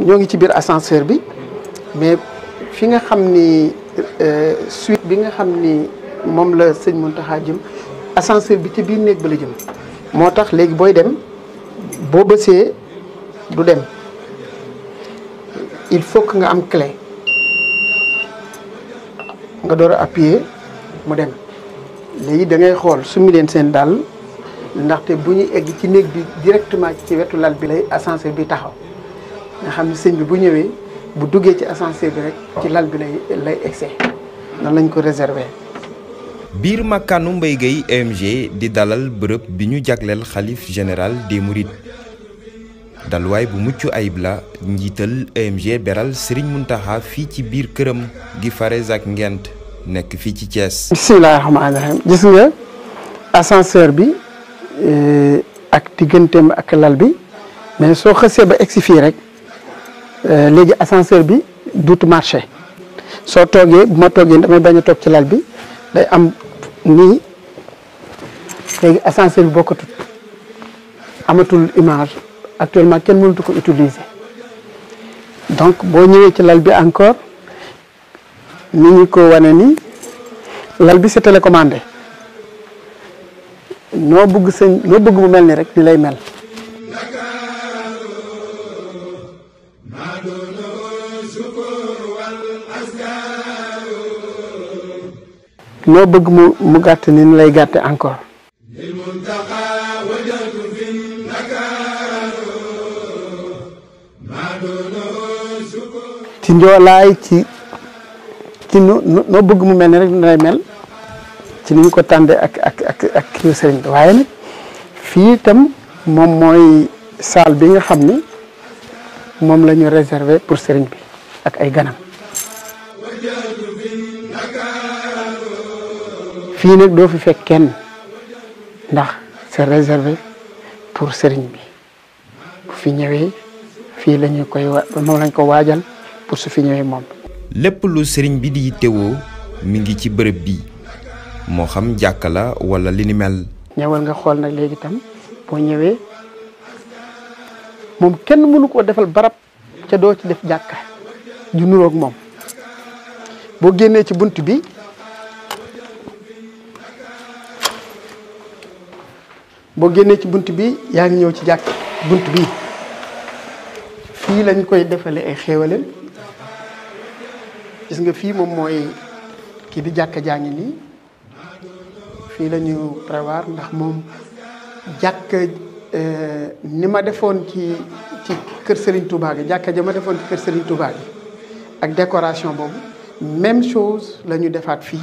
ñoo ngi ci biir ascenseur bi mais fi nga xam ni euh, suite bi nga xam ni moom la sëñ taxaa jëm ascenseur bi ci biir néeg ba la jëm moo tax léegi booy dem boo bësee du dem il faut que nga am clé nga door a appuyer mu dem léegi da ngay xool summi leen seen daal ndaxte bu ñu egg ci néeg bi directement ci wetu lal bi lay ascenseur bi taxaw nga xam ne sëñ bi bu ñëwee bu duggee ci ascenseur bi rek ci lal bi lay lay egsee lañ ko réserver. biir màkkaanu Mbaye Gueye EMG di dalal bërëb bi ñu jagleel xalif général des Mourides dalwaay bu mucc ayib la njiital EMG beral Serigne Mountakha fii ci biir këram gi Farès ak Ngent nekk fii ci Thiès. bisimilah rahmaani rahim gis nga ascenseur bi eh, ak digganteem ak lal bi mais soo xësee ba egsi fii rek. Euh, léegi ascenseur bi duut marché soo toogee bu ma toogee damay bañ a toog ci lal bi day am nii léegi ascenseur bi bokkatut amatul image actuellement kenn mënatu ko utiliser donc boo ñëwee ci lal bi encore ni ñu ko wane nii lal bi c'est télécommandé noo bugg sëñ noo bëgg mu mel ni rek ni lay mel no bëgg mu mu gatt ni lay gatt encore ci ndolay ci ci no bëgg mu mel rek lay mel ci ni ko tande ak ak ak ak kii serigne bi waaye nag fii itam moom mooy salle bi nga xamni ni lañu réserver pour serigne bi ak ay ganam fii nag doo fi fekk kenn ndax c'est réservé pour sëriñ bi bu fi ñëwee fii la ñu koy moom lañ ko waajal pour su fi ñëwee moom. lépp lu sëriñ bi di teewoo mi ngi ci bërëb bi moo xam jàkka la wala li ni mel. ñëwal nga xool nag léegi tam boo ñëwee moom kenn mënu ko defal barab ca doo ci def jàkka ju nuroog moom boo génnee ci bunt bi. boo génnee ci bunt bi yaa ngi ñëw ci jàkk bunt bi fii lañ koy defale ay xéewaleem gis nga fii moom mooy kii bi jàkk jàngi ngi nii fii la ñu ndax moom jàkk eh, ni ma defoon ci ci kër Serigne Touba gi jàkka ja ma defoon ci kër Serigne Touba ak décoration boobu même chose la ñu defaat fii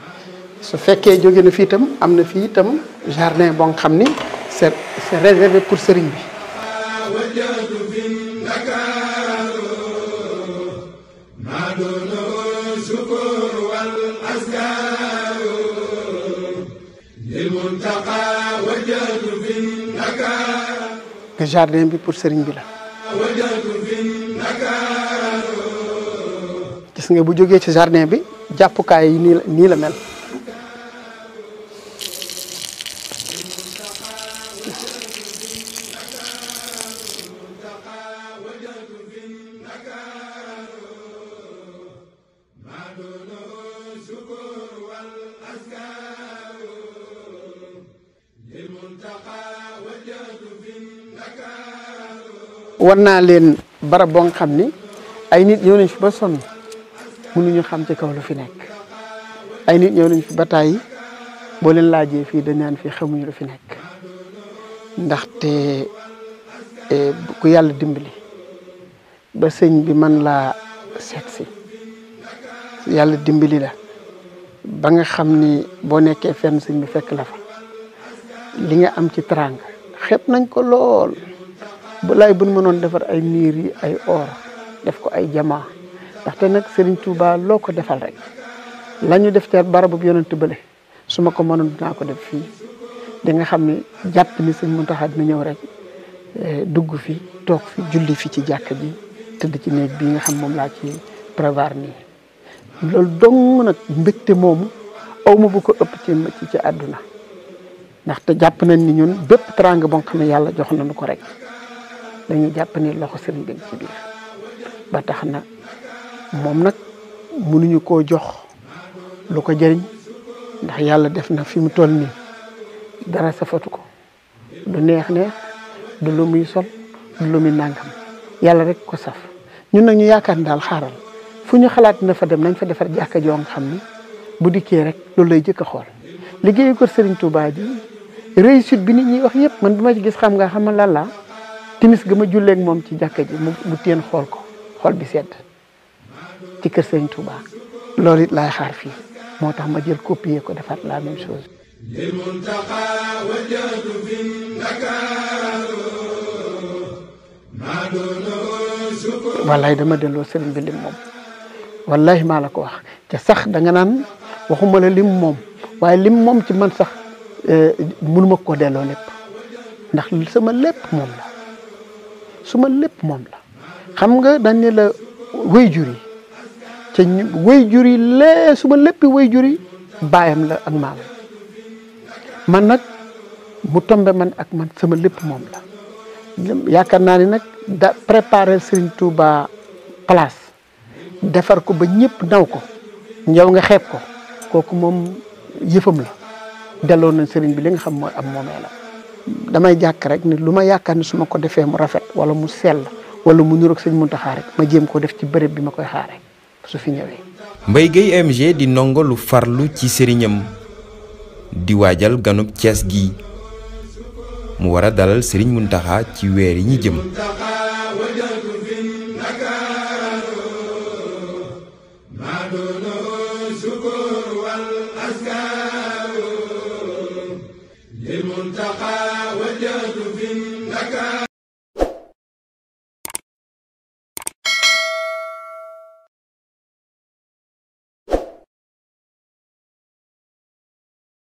su fekkee jóge na fii tam am na fii itam jardin boo nga xam ni c'est c'est réservé pour sëriñ bi. que jardin bi pour sëriñ bi la. gis nga bu jógee ci jardin bi jàppukaay yi nii mel. war naa leen barab boo xam ni ay nit ñëw nañ fi ba sonn mënuñu xam ci kaw lu fi nekk ay nit ñëw nañ fi ba tàyyi boo leen laajee fii dañ naan fii xamuñu lu fi nekk ndaxte eh, ku yàlla dimbali ba sëñ bi man laa seet si yàlla dimbali la ba nga xam ni boo nekkee fenn sëñ bi fekk la fa li nga am ci teraanga xeeb nañ ko lool bu laay buñ mënoon defar ay miir yi ay or def ko ay jamaa ndaxte nag Serigne Touba loo ko defal rek la ñu def ca barabu yonent bële su ma ko mënoon dinaa ko def fii di xam ni jàpp ni sëñ Mountakha dina ñëw rek eh, dugg fi toog fi julli fi ci jàkk ji tëdd ci néeg bii nga xam moom laa ci prévoir nii loolu dong nag mbégte moomu aw ma bu ko ëpp ci ci ci àdduna ndaxte jàpp nañ ni ñun bépp trang boo xam yàlla jox nañu ko rek dañu jàpp ni loxo sëriñ bi ci biir ba tax na moom nag mënuñu ko jox lu ko jëriñ ndax yàlla def na fi mu toll nii dara safatu ko du neex neex du lu muy sol du lu muy nàngam yàlla rek ko saf ñun nag ñu yaakaar ni daal xaaral fuñu xalaat na fa dem nañ fa defar jàkka joo nga xamni bu diké rek loolu lay jëk xol liggéey ko Serigne Touba ji réussite bi nit ñi wax yépp man bima ci gis xam nga xam la la timis ga ma ak mom ci jàkka ji mu mu téen xool ko xol bi sét ci kër Serigne Touba loolu it lay xaar fi motax ma jël copier ko defaat la même chose لمنتقى وجهت في النكار ما دونه شكر والله دما دلو سيرن بلي موم wallahi maa la ko wax te sax da nga nan waxuma la lim mom waye lim mom ci man sax eh, munuma ko delo lepp ndax sama lepp mom la suma lepp mom la xam nga dañ ne la wéy ca wéy le suma lepp la ak man nak mu tombe man ak man sama lepp mom la yakarna ni nak préparer Serigne Touba place defar ko ba ñepp daw ko ñew nga xép ko koku mom yëfam la delo na sëriñ bi li nga xam mooy am momé la damay jakk rek ni luma ma suma ma ko defee mu rafet wala mu sel wala mu ñuruk sëriñ rek ma jëm ko def ci bërepp bi makoy su fi ñëwé mbay gey mg di nongo lu farlu ci sëriñam di wajal ganub ties gi mu wara dalal sëriñ muntaxa ci wër yi ñi jëm لمنتقى وجهة في النكال